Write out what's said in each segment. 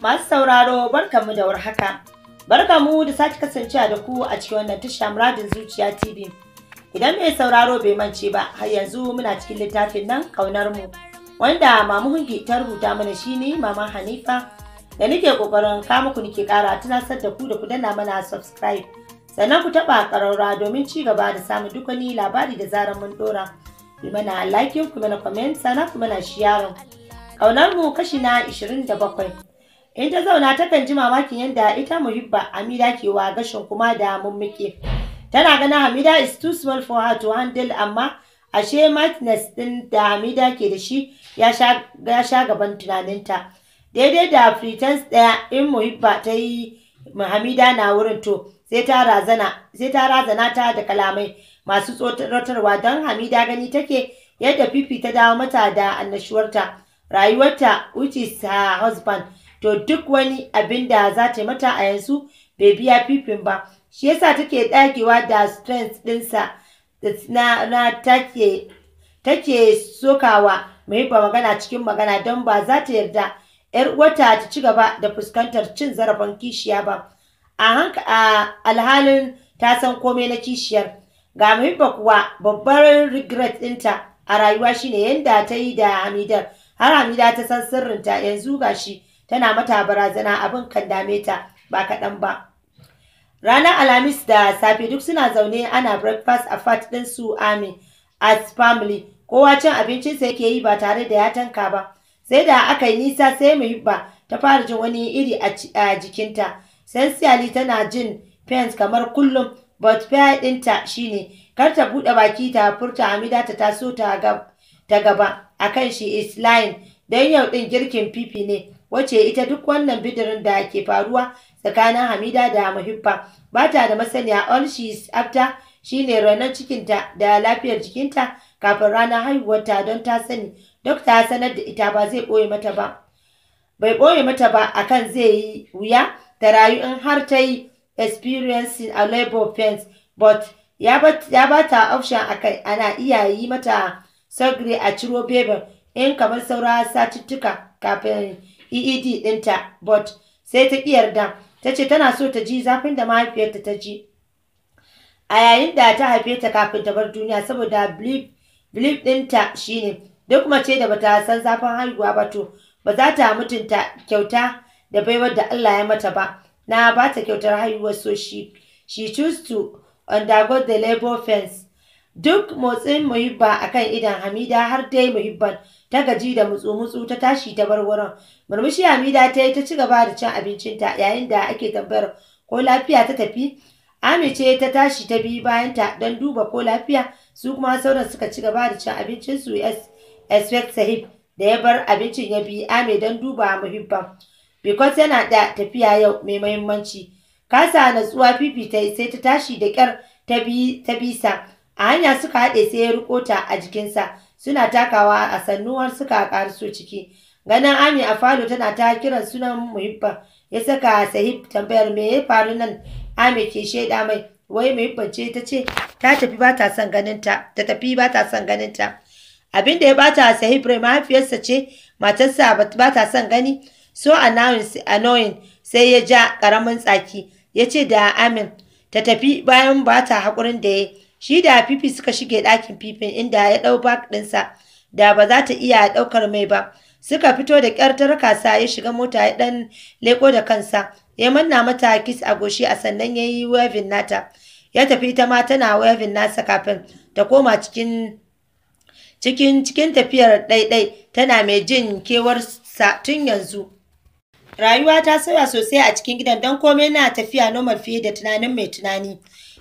Masu sauraro barkamu da warhaka. Barkamu da sake kasancewa da ku a cikin wannan tasha muradin zuciya TV. Idan mai sauraro bai mance ba har yanzu muna cikin littafin nan kaunar mu wanda Mamu Hungi ta rubuta mana shine Mama Hanifa da nake kokarin kama ku nake kara tunasar da ku da ku danna mana subscribe sannan ku taba karaura domin ci gaba da samun duk wani labari da zarar mun dora. Ku mana like ku mana comment sannan ku mana share Kaunar mu kashi na 27. in ta zauna takan ji mamakin yadda ita muhibba amida ke wa gashin kuma da mummuke tana ganin Hamida is too small for her to handle amma ashe madness din da Hamida ke da shi ya sha gaban tunaninta daidai da pretense ɗaya in muhibba ta yi Hamida na wurin to sai ta razana ta da kalamai masu tsoratarwa don Hamida gani take yadda Fifi ta dawo mata da annashuwarta rayuwarta which is her husband to duk wani abin da za ta mata a yanzu bai biya fifin ba shi yasa take dagewa da strength dinsa na na take take sokawa mai ba magana cikin magana don ba za ta yarda yar uwarta ta ci gaba da fuskantar cin zarafin kishiya ba a hanka a alhalin ta san komai na kishiyar ga muhibba kuwa babbar regret ɗinta a rayuwa shine yanda ta yi da hamidar har hamida ta san sirrinta yanzu ga shi. tana mata barazana abin kan dame ta ba kaɗan ba ranar alhamis da safe duk suna zaune ana breakfast a fat ɗin su amin as family kowa cin abincinsa yake yi ba tare da ya tanka ba sai da aka yi nisa sai mu muhibba ta fara jin wani iri a jikinta sensiali tana jin pens kamar kullum but fair ɗinta shine kar ta buɗe baki ta furta amida ta taso ta gaba a kan shi is line don yau ɗin girkin pipi ne wacce ita duk wannan bidirin da ke faruwa tsakanin Hamida da Muhibba ba ta da masaniya all she is after shine ranar cikinta da lafiyar jikinta kafin ranar haihuwarta don ta sani dokta ya sanar da ita ba zai ɓoye mata ba bai ɓoye mata ba akan zai yi wuya ta rayu in har ta yi experiencing a labor pains but ya ba ta option akai ana iya yi mata surgery a ciro bebin in kamar saura satuttuka kafin EED ɗinta but sai ta ƙi yarda ta ce tana so ta ji zafin da mahaifiyarta ta ji a yayin da ta haife ta kafin ta bar duniya saboda blip blip ɗinta shine duk mace da bata san zafin haihuwa ba to ba za ta mutunta kyauta da baiwar da Allah ya mata ba na ba ta kyautar haihuwar so shi she choose to undergo the labor fence duk motsin muhibba akan idan Hamida har dai muhibban ta gaji da mutsu-mutsu ta tashi ta bar wurin. Murmushi amida ta yi ta ci gaba da cin abincinta yayin da ake tambayar ko lafiya ta tafi. Ami ce ta tashi ta bi bayanta don duba ko lafiya su kuma sauran suka ci gaba da cin abincinsu Aspect Sahib da ya bar abincin ya bi Ami don duba muhibban. Bikos yana da tafiya yau mai muhimmanci. Kasa natsuwa fifi ta sai ta tashi da kyar ta bisa. A hanya suka haɗe sai ya riko ta a jikinsa. Suna takawa a sannuwar suka su ciki. Ganin Ami a falo tana ta kiran sunan Muhibba ya saka Sahib tambayar me ya faru nan Ami ke shaida mai wai Muhibba ce ta ce ta tafi ba ta son ganin ta tafi ba ta son ganinta Abin da ya bata Sahib rai mahaifiyarsa ce matarsa ba ta son gani so annoying sai ya ja karamin tsaki ya ce da Amin ta tafi bayan ba ta haƙurin da ya Shi da Fifi suka shige ɗakin Fifin inda ya ɗau bak ɗinsa da ba za ta iya ɗaukar mai ba. Suka fito da ƙyar sa ya shiga mota ya ɗan leƙo da kansa. Ya manna mata kis a goshi a sannan ya yi wavin nata. Ya tafi ta ma tana wavin nasa kafin ta koma cikin cikin cikin tafiyar ɗaiɗai tana mai jin kewarsa tun yanzu. Rayuwa ta sauya sosai a cikin gidan don komai na tafiya normal fiye da tunanin mai tunani.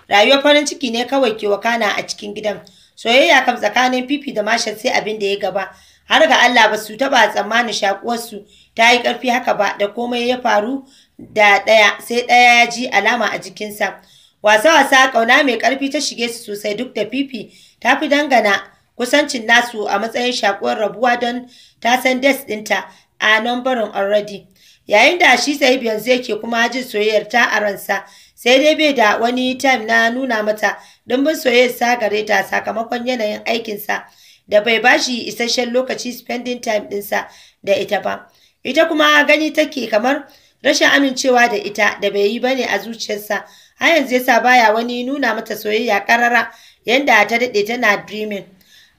rayuwar farin ciki ne kawai ke wakana a cikin gidan soyayya kam tsakanin fifi da masha sai abin da ya gaba har ga Allah ba su taba tsammanin shakuwarsu ta yi ƙarfi haka ba da komai ya faru da ɗaya sai ɗaya ya ji alama a jikinsa wasa-wasa ƙauna mai ƙarfi ta shige su sosai duk da fifi ta fi dangana kusancin nasu a matsayin shakuwar rabuwa don ta san des ɗinta a nan barin already yayin da shi sai yanzu yake kuma jin soyayyar ta a ransa sai dai bai da wani time na nuna mata dimbin soyayyar sa gare ta sakamakon yanayin aikin sa da bai bashi isasshen lokaci spending time ɗinsa da ita ba ita kuma gani take kamar rashin amincewa da ita da bai yi bane a zuciyarsa har yanzu yasa baya wani nuna mata soyayya karara yanda ta dade tana dreaming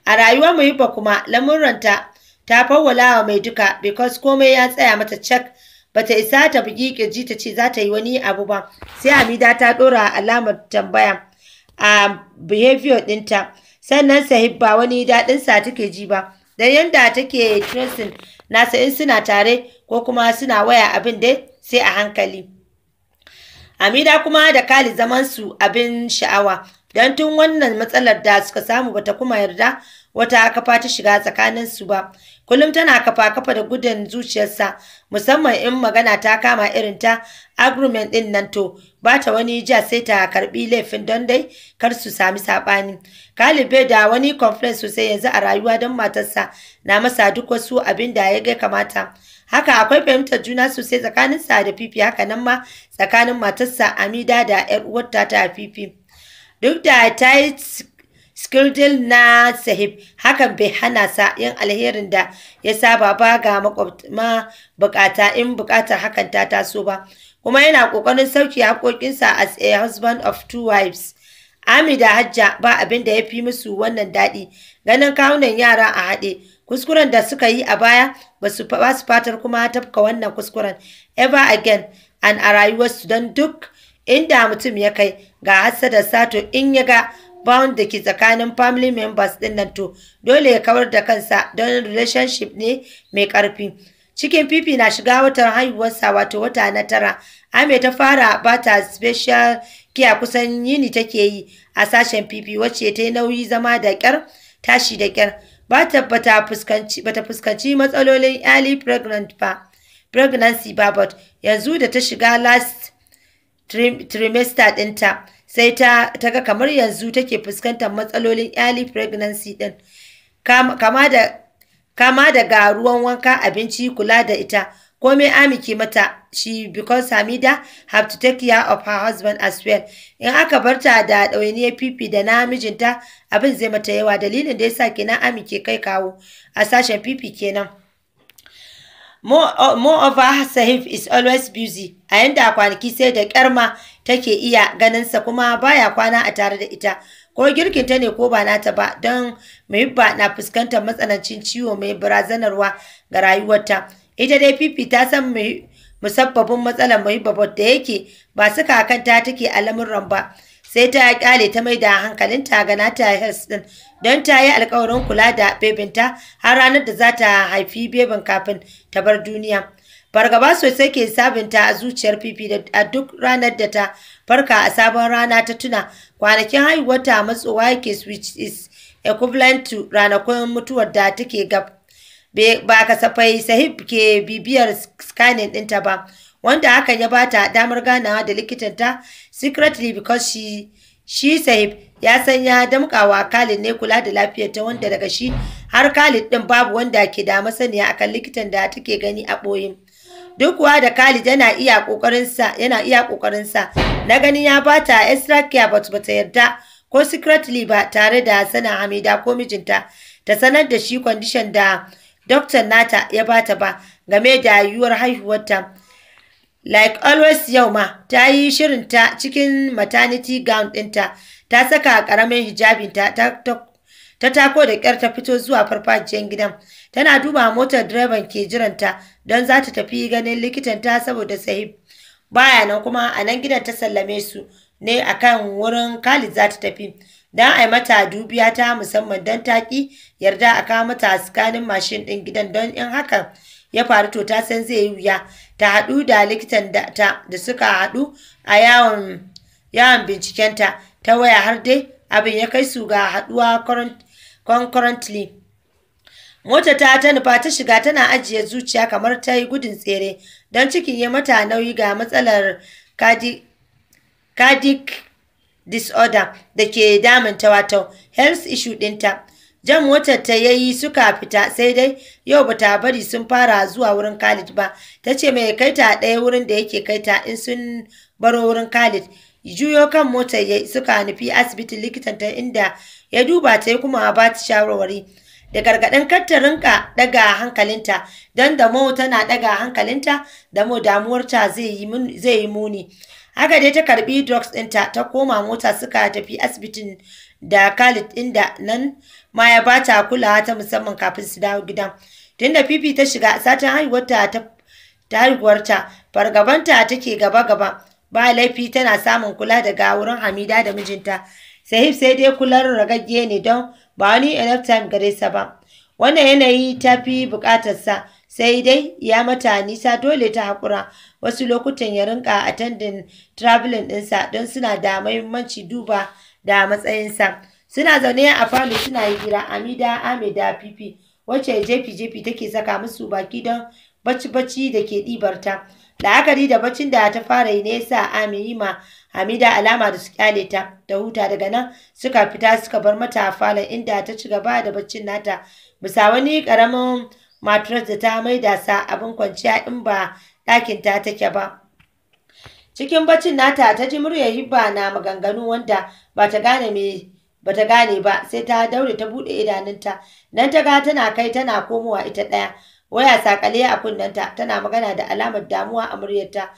a rayuwar ba kuma lamuranta ta fawwala wa mai duka because komai ya tsaya mata check bata isa ta bugi kirji ta ce za ta yi wani abu ba sai Hamida ta ɗora alamar tambaya a behavior ɗinta. sannan Sahib ba wani daɗin sa take ji ba dan yanda take tracing nasa in suna tare ko kuma suna waya abin dai sai a hankali Hamida kuma da Kali zaman su abin sha'awa dan tun wannan matsalar da suka samu bata kuma yarda wata kafa ta shiga tsakanin su ba kullum tana kafa kafa da gudun zuciyarsa musamman in magana ta kama irin ta agreement din nan to ba ta wani ja sai ta karbi laifin don dai kar su sami sabani kalibe da wani conference sosai yanzu a rayuwa don matarsa na masa duk wasu abin da ya ga kamata haka akwai fahimtar juna sosai tsakanin sa da fifi haka nan ma tsakanin matarsa amida da yar uwarta ta fifi duk da ta yi Skirdil na sahib hakan bai hana sa yin alherin da ya saba ba ga makwabta bukata in bukatar hakan ta taso ba kuma yana kokarin sauki haƙoƙinsa as a husband of two wives. da Hajja ba abin da ya fi musu wannan daɗi ganin kawunan yara a haɗe kuskuren da suka yi a baya basu su fatar kuma tafka wannan kuskuren ever again an a rayuwarsu don duk inda mutum ya kai ga hassada sato in ya ga bound da ke tsakanin family members din nan to dole ya kawar da kansa don relationship ne mai ƙarfi. Cikin fifi na shiga watan haihuwarsa wato wata na tara, Ame ta fara bata special kiya kusan yini take yi a sashen fifi wacce ta yi nauyi zama da ƙyar tashi da ƙyar. Ba ta fuskanci bata fuskanci matsalolin early pregnant ba. Pregnancy ba but yanzu da ta shiga last trimester ɗinta. sai ta ga kamar yanzu take fuskantar matsalolin early pregnancy din kama da kama daga ruwan wanka abinci kula da ita komai amiki mata she because Hamida have to take care of her husband as well in aka barta da ɗawainiyar pipi da namijinta abin zai mata yawa dalilin da yasa kenan amike kai kawo a sashen pipi kenan moreover uh, sahif is always busy a yanda kwanaki sai da kyarma take iya ganinsa kuma baya kwana a tare da ita ko girkinta ne ko ba nata ba don muhibba na fuskantar matsanancin ciwo mai barazanarwa ga rayuwarta ita dai fifi ta san musabbabin matsalar muhibba da yake ba su kakanta take a lamurran ba sai ta kyale ta mai da hankalinta ga nata hes din don ta yi alkawarin kula da bebinta har ranar da za ta haifi bebin kafin ta bar duniya fargaba sosai ke sabinta a zuciyar fifi a duk ranar da ta farka a sabon rana ta tuna kwanakin haihuwar ta matsowa yake switch is equivalent to ranakun mutuwar da take gab ba kasafai sahib ke bibiyar scanning ɗinta ba wanda hakan ya ba ta damar ganawa da likitanta secretly because she she said ya san ya damkawa Khalid ne kula da lafiyar ta wanda daga shi har Khalid din babu wanda ke da masaniya akan likitan da take gani a boyin duk kuwa da Khalid yana iya kokarin yana iya kokarin sa na gani ya bata extra care but bata yarda ko secretly ba tare da sanin Hamida ko mijinta ta sanar da shi condition da doctor nata ya bata ba game da yiwuwar haihuwarta Like always yau ma, ta yi shirinta cikin maternity gown ɗinta, ta saka ƙaramin hijabinta ta, ta tako da ƙyar ta fito zuwa farfajiyar gidan. Tana duba motar direban ke jiranta don za ta tafi ganin likitanta saboda sahib. Baya nan kuma a nan gidan ta sallame su ne akan wurin Khalid za ta tafi. Don a mata dubiya ta musamman don taƙi yarda a kawo mata tsakanin mashin ɗin gidan don in haka ya faru to ta san zai yi wuya ta haɗu da likitan ta da suka haɗu a yawon yawon bincikenta ta waya har dai abin ya kai su ga haɗuwa concurrently mota ta ta nufa ta shiga tana ajiye zuciya kamar ta yi gudun tsere don cikin ya mata nauyi ga matsalar cardiac disorder da ke damunta wato health issue ɗinta. jan motar ta yayi suka fita sai dai yau ba ta bari sun fara zuwa wurin Khalid ba ta ce mai kai ta ɗaya wurin da yake kai ta in sun baro wurin Khalid juyo kan motar yayi suka nufi asibitin likitan ta inda ya duba ta kuma ba ta shawarwari da gargaɗin kar ta rinka ɗaga hankalinta don da mo tana ɗaga hankalinta da mo damuwarta zai yi muni haka dai ta karɓi drugs ɗinta ta koma mota suka tafi asibitin da Khalid inda nan ma ya ba ta kulawa ta musamman kafin su dawo gidan tunda fifi ta shiga satin haihuwarta ta ta haihuwarta fargabanta take gaba gaba ba laifi tana samun kula daga wurin hamida da mijinta sahib sai dai kular ragagge ne don ba wani enough time gare sa ba wannan yanayi ta fi sa, sai dai ya mata nisa dole ta haƙura wasu lokutan ya rinka attending traveling ɗinsa don suna da mahimmanci duba da matsayinsa Suna zaune a falo suna hira, Amida Amida Fifi wacce jefi-jefi take saka musu baki don bacci-bacci da ke ɗibar ta. La'akari da baccin da ta fara yi nesa sa ma Hamida alama da su kyale ta da huta daga nan suka fita suka bar mata falon inda ta ci gaba da baccin nata bisa wani karamin matras da ta maida sa abin kwanciya in ba ɗakin ta take ba. Cikin baccin nata ta ji muryar hibba na maganganu wanda ba ta gane me bata gane ba sai ta daure ta bude idanunta nan ta ga tana kai tana komowa ita ɗaya waya sakale a kunnenta tana magana da alamar damuwa a muryarta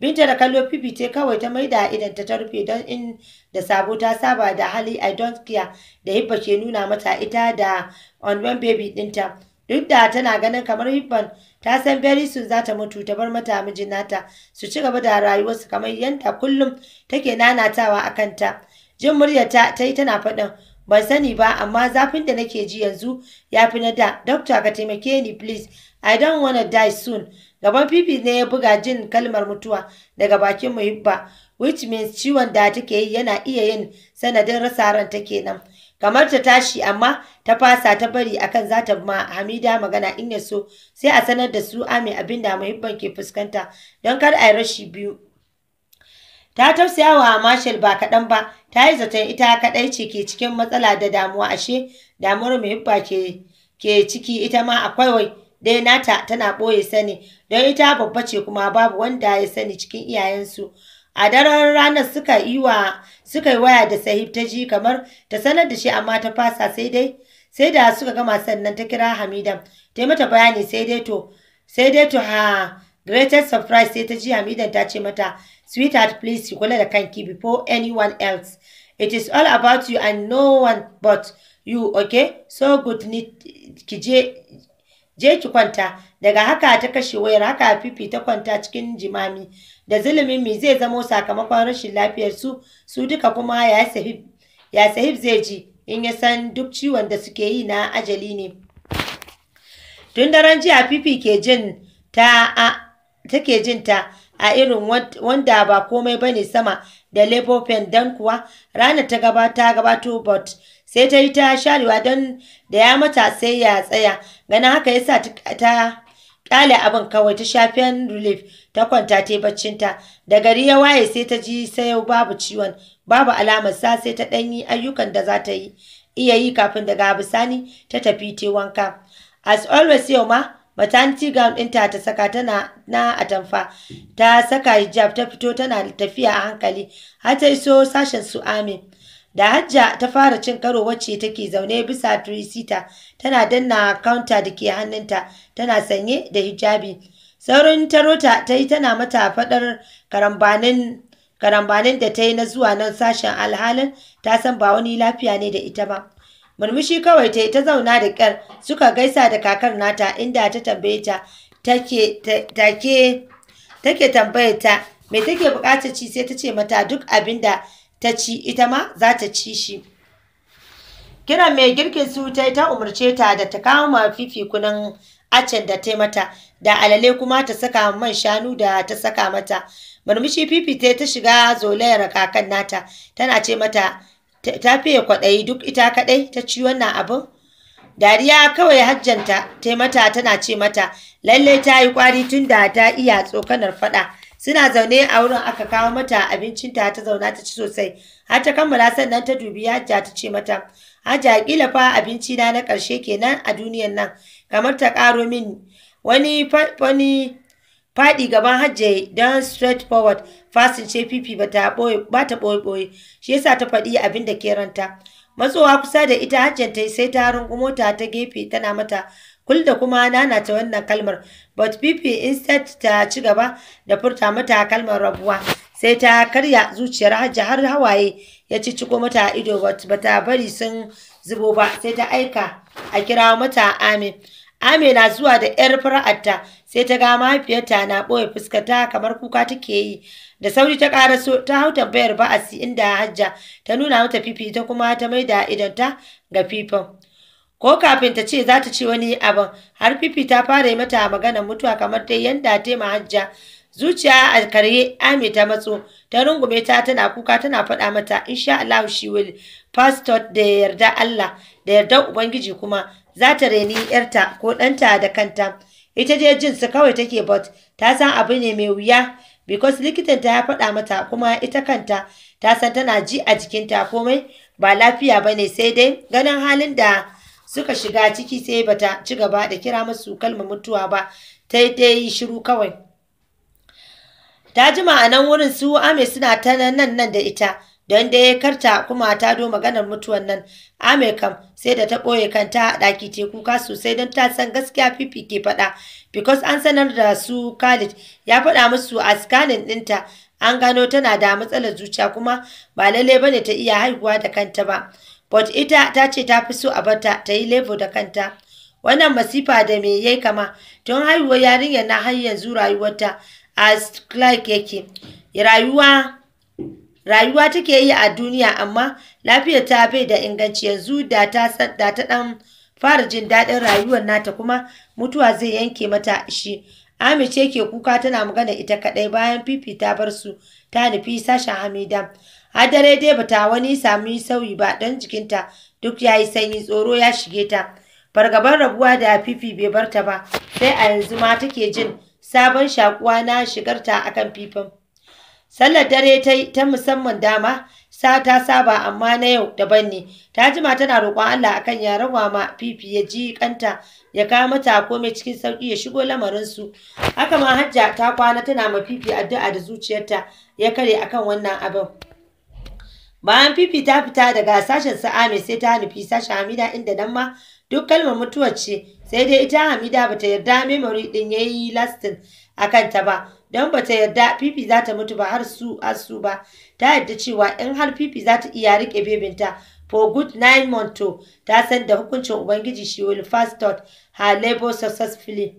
binta da kallo ce kawai ta maida idan ta rufe don in da sabo ta saba da hali i don't care da hibba ke nuna mata ita da on one baby dinta duk da tana ganin kamar hibban ta san very soon za ta mutu ta bar mata mijin nata su ci gaba da rayuwarsu kamar yadda kullum take nanatawa a kanta Jin murya ta yi tana faɗin ban sani ba amma zafin da nake ji yanzu ya fi na da. Dokta ka taimake ni please. I don't wanna die soon. Gaban Fifi ne ya buga jin kalmar mutuwa daga bakin Muhibba which means ciwon da take yi yana iya yin sanadin rasa ran ta kenan. Kamar ta tashi amma ta fasa ta bari akan za ta ma Hamida magana in ya so sai a sanar da su ame abinda da Muhibban ke fuskanta don kar a yi rashi biyu. ta tausaya wa Marshal ba kaɗan ba ta yi zaton ita kaɗai ce ke cikin matsala da damuwa ashe damuwar hibba ke ke ciki ita ma akwai wai dai nata tana ɓoye sani don ita babba ce kuma babu wanda ya sani cikin iyayensu a daren ranar suka yi wa suka yi waya da sahib ta ji kamar ta sanar da shi amma ta fasa sai dai sai da suka gama sannan ta kira hamidan ta mata bayani sai dai to sai dai to ha Greatest surprise sai ta ji Hamidan ta ce mata, Sweetheart, please, ki kula da kanki before anyone else. It is all about you and no one but you, okay? So good ni ki je je ki kwanta daga haka ta kashe wayar haka fifi ta kwanta cikin jimami da zulumin mi zai zamo sakamakon rashin lafiyar su su duka kuma ya sahib ya sahib zai ji in ya san duk ciwon da suke yi na ajali ne tun daren jiya fifi ke jin ta a take jin ta a irin wanda ba komai ba ne sama da Lebofen, don kuwa ranar ta gabata gabato bot sai ta yi ta sharewa don da ya mata sai ya tsaya gana haka yasa ta kyale abin kawai ta shafen relief ta kwanta ta baccinta da gari ya waye sai ta ji sai babu ciwon babu alamar sa sai ta ɗanyi ayyukan da za ta yi iya yi kafin daga bisani ta tafi te wanka as always yau ma wata anti gown ɗinta ta saka tana na atamfa ta saka hijab ta fito tana tafiya a hankali har ta iso sashen su amin da hajja ta fara cin karo wacce take zaune bisa tricita tana danna counter da ke hannunta tana sanye da hijabi saurin tarota ta yi tana mata faɗar karambanin karambanin da ta yi na zuwa nan sashen alhalin ta san ba wani lafiya ne da ita ba murmushi kawai ta yi ta zauna da kyar suka gaisa da kakar nata inda ta tambaye ta take take ta me take buƙatar ci sai ta ce mata duk abin da ta ci ita ma za ta ci shi kiran mai girkin su ta ta umarce ta da ta kawo ma fifi kunan acen da ta mata da alale kuma ta saka man shanu da ta saka mata murmushi fifi ta ta shiga zolayar kakan nata tana ce mata ta fiye kwaɗayi duk ita kaɗai ta ci wannan abin dariya kawai hajjanta ta mata tana ce mata lallai ta yi kwari tun da ta iya tsokanar faɗa suna zaune a wurin aka kawo mata abincinta ta zauna ta ci sosai har ta kammala sannan ta dubi hajja ta ce mata hajja kila fa abinci na na ƙarshe kenan a duniyan nan kamar ta ƙaro min wani wani faɗi gaban hajja don straight forward fasin ce fifi ba ta ɓoye-ɓoye shi yasa ta faɗi abin da ke ranta matsowa kusa da ita hajjan ta yi sai ta rungumo ta ta gefe tana mata kul da kuma nana ta wannan kalmar but fifi instead ta ci gaba da furta mata kalmar rabuwa sai ta karya zuciyar hajji har hawaye ya ci ciko mata ido but ta bari sun zubo ba sai ta aika a kira mata amin na zuwa da ‘yar fara'arta sai ta ga mahaifiyarta na ɓoye fuskata kamar kuka take yi. Da sauri ta so ta hau tambayar ba'asi inda hajja ta nuna mata fifi ta kuma ta maida idonta ga fifin Ko kafin ta ce za ta ce wani abin har fifi ta fara yi mata maganar mutuwa kamar dai yanda ta hajja. Zuciya a karye ame ta matso ta rungume ta tana kuka tana faɗa mata insha Allah shi will pastor da yarda Allah da yarda Ubangiji kuma za ta reni ‘yarta ko ɗanta da kanta. Ita je jinsu su kawai take but ta san abu ne mai wuya because likitan ta ya faɗa mata kuma ita kanta ta san tana ji a jikinta komai ba lafiya ba ne sai dai ganin halin da suka shiga ciki sai bata ci gaba da kira musu kalma mutuwa ba ta dai shiru kawai. Ta jima a nan wurin su ame suna ta nan nan da ita don ya karta kuma ta do maganar mutuwan nan ame sai da ta ɓoye kanta a ɗaki te kuka sosai don ta san gaskiya fifi ke faɗa because an sanar da su khalid ya faɗa musu a scanning ɗinta an gano tana da matsalar zuciya kuma ba lalle ne ta iya haihuwa da kanta ba but ita ta ce ta fi so a bata ta yi levo da kanta wannan masifa da me yayi kama don haihuwar yarinyar na har yanzu rayuwarta as Clark yake rayuwa rayuwa take yi a duniya amma lafiyar ta bai da inganci yanzu da ta da ta dan fara jin daɗin rayuwar nata kuma mutuwa zai yanke mata shi ce ke kuka tana magana ita kadai bayan fifi ta bar su ta nufi sashen hamida har dare dai bata wani sami sauyi ba don jikinta duk ya yi sanyi tsoro ya shige ta fargabar rabuwa da fifi bai barta ba sai a yanzu ma take jin sabon shakuwa na shigarta akan fifin Sallar dare ta yi ta musamman dama sa ta saba amma na yau daban ne. Ta jima tana roƙon Allah akan ya rawa ma fifi ya ji kanta ya kawo mata komai cikin sauƙi ya shigo lamarinsu. Haka ma hajja ta kwana tana ma fifi addu'a da zuciyarta ya kare akan wannan abin. Bayan fifi ta fita daga sashen ame sai ta nufi sashen Hamida inda nan ma duk kalmar mutuwar ce sai dai ita Hamida bata yarda memory din yayi lasting akan ta ba. don ba ta yarda fifi za ta mutu ba har su asu ba ta yarda cewa in har fifi za ta iya rike bebinta for good nine months to ta san da hukuncin ubangiji she will fast out her labor successfully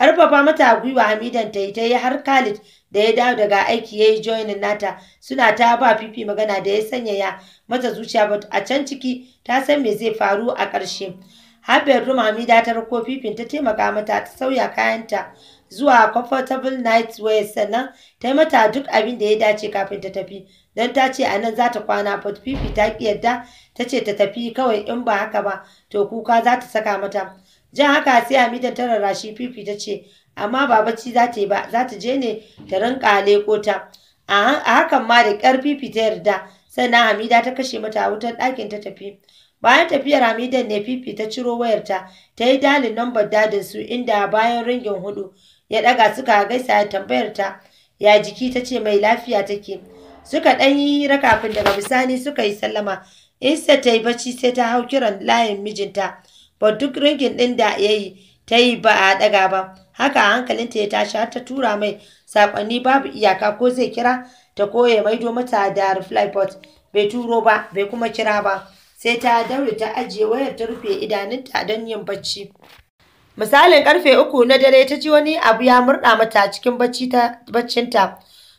Ƙarfafa mata gwiwa hamidan ta yi ta yi har khalid da ya dawo daga aiki ya yi joinin nata suna ta ba fifi magana da ya sanyaya mata zuciya ba a can ciki ta san me zai faru a ƙarshe har bedroom hamida ta rako fifin ta taimaka mata ta sauya kayanta zuwa comfortable nightwear sannan ta yi mata duk abin da ya dace kafin ta tafi don ta ce a nan za ta kwana but fifi ta ki yarda ta ce ta tafi kawai in ba haka ba to kuka za ta saka mata jan haka sai hamida ta rarrashi fifi ta ce amma ba bacci za ta yi ba za ta je ne ta rinka leko ta a hakan ma da ƙyar fifi ta yarda sannan hamida ta kashe mata wutar ɗakin ta tafi bayan tafiyar hamidan ne fifi ta ciro wayarta ta yi dalin lambar dadin su inda bayan ringin hudu ya ɗaga suka gaisa ya tambayar ta ya jiki ta ce mai lafiya take suka ɗan yi hira kafin daga bisani suka yi sallama insa ta yi bacci sai ta hau kiran layin mijinta ba duk ringin ɗin da ya yi ta yi ba a ɗaga ba haka hankalinta ya tashi har ta tura mai saƙonni babu iyaka ko zai kira ta koya maido mata da reply bai turo ba bai kuma kira ba sai ta daure ta ajiye wayar ta rufe idanunta don yin bacci Misalin karfe uku na dare ta ji wani abu ya murɗa mata cikin baccinta.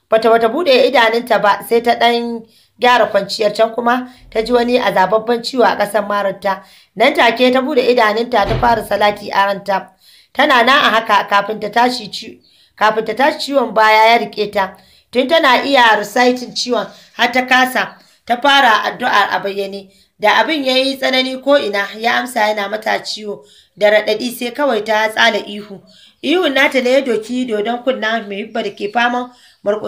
Bata wata buɗe idanunta ba sai ta ɗan gyara kwanciyar can kuma ta ji wani azababban ciwo a ƙasar marinta. Nan take ta buɗe idanunta ta fara salati a ranta. Tana na a haka kafin ta tashi ciwon baya ya rike ta. Tun tana iya reciting ciwon har ta kasa ta fara addu'ar a bayyane. da abin ya yi tsanani ko'ina ya amsa yana mata ciwo da raɗaɗi sai kawai ta tsala ihu ihun nata na ya doki dodon kunna mai hibba da ke faman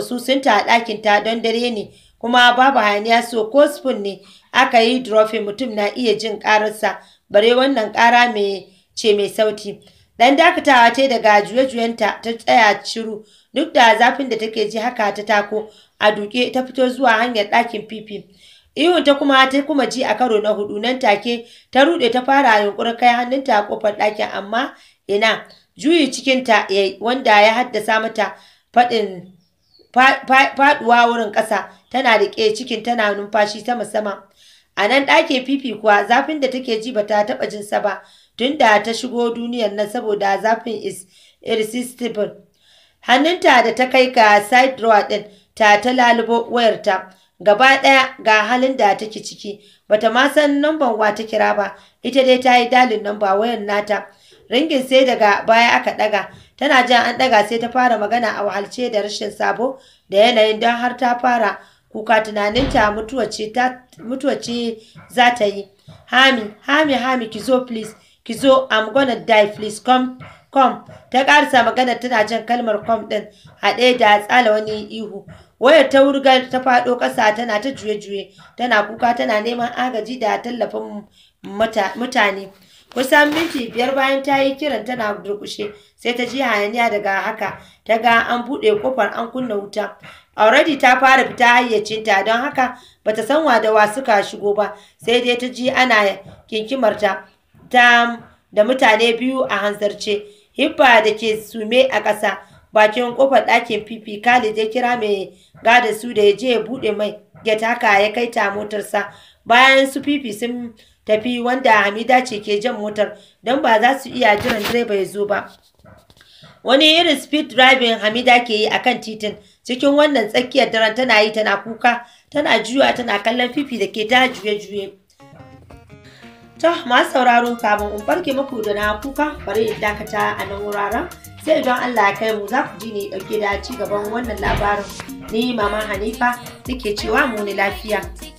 sun a ɗakin ta don dare ne kuma babu hayaniya so ko spoon ne aka yi drofin mutum na iya jin ƙararsa bare wannan ƙara mai ce mai sauti dan dakatawa ta daga juye-juyenta ta tsaya shiru duk da zafin da take ji haka ta tako a duke ta fito zuwa hanyar ɗakin fifi Ihun ta kuma ta kuma ji a karo na hudu nan take ta rude ta fara yunkurin kai hannunta a kofar ɗakin amma ina juyi cikinta wanda ya haddasa mata fadin faɗuwa wurin ƙasa tana riƙe cikin tana numfashi ta musamman. A nan ɗakin fifi kuwa zafin da take ji bata taba jin sa ba tunda ta shigo duniyar nan saboda zafin is irresistible. Hannunta da ta kai ga side drawer ɗin ta ta lalubo wayarta. gaba ɗaya ga halin da take ciki bata ma san namban wa ta kira ba ita dai ta yi dalin namba wayan nata ringin sai daga baya aka ɗaga tana jan an ɗaga sai ta fara magana a wahalce da rashin sabo da yanayin don har ta fara kuka tunaninta mutuwa ce za ta yi hami hami hami ki zo please ki zo i'm gonna die please come come ta karsa magana tana jan kalmar kom din haɗe da tsala wani ihu wayar ta wurga ta faɗo ƙasa tana ta juye-juye tana kuka tana neman agaji da tallafin mutane kusan minti biyar bayan ta yi kiran tana durƙushe sai ta ji hayaniya daga haka ta ga an buɗe kofar an kunna wuta already ta fara fita hayyacinta don haka bata san wa da wa suka shigo ba sai dai ta ji ana kinkimarta ta da mutane biyu a hanzarce hibba da ke sume a ƙasa bakin kofar ɗakin fifi Khalid ya kira mai gada su da ya je ya buɗe mai ya taka ya kai ta motarsa bayan su fifi sun tafi wanda Hamida ce ke jan motar don ba za su iya jiran direba ya zo ba. Wani irin speed driving Hamida ke yi akan titin cikin wannan tsakiyar daren tana yi tana kuka tana juya tana kallon fifi da ke ta juye-juye. To masu sauraron kamun in barke muku da na kuka bari in dakata a nan wuraren sai don Allah ya kai mu za ku ji ne dauke da ci gaban wannan labarin ni mama Hanifa nake cewa mu ni lafiya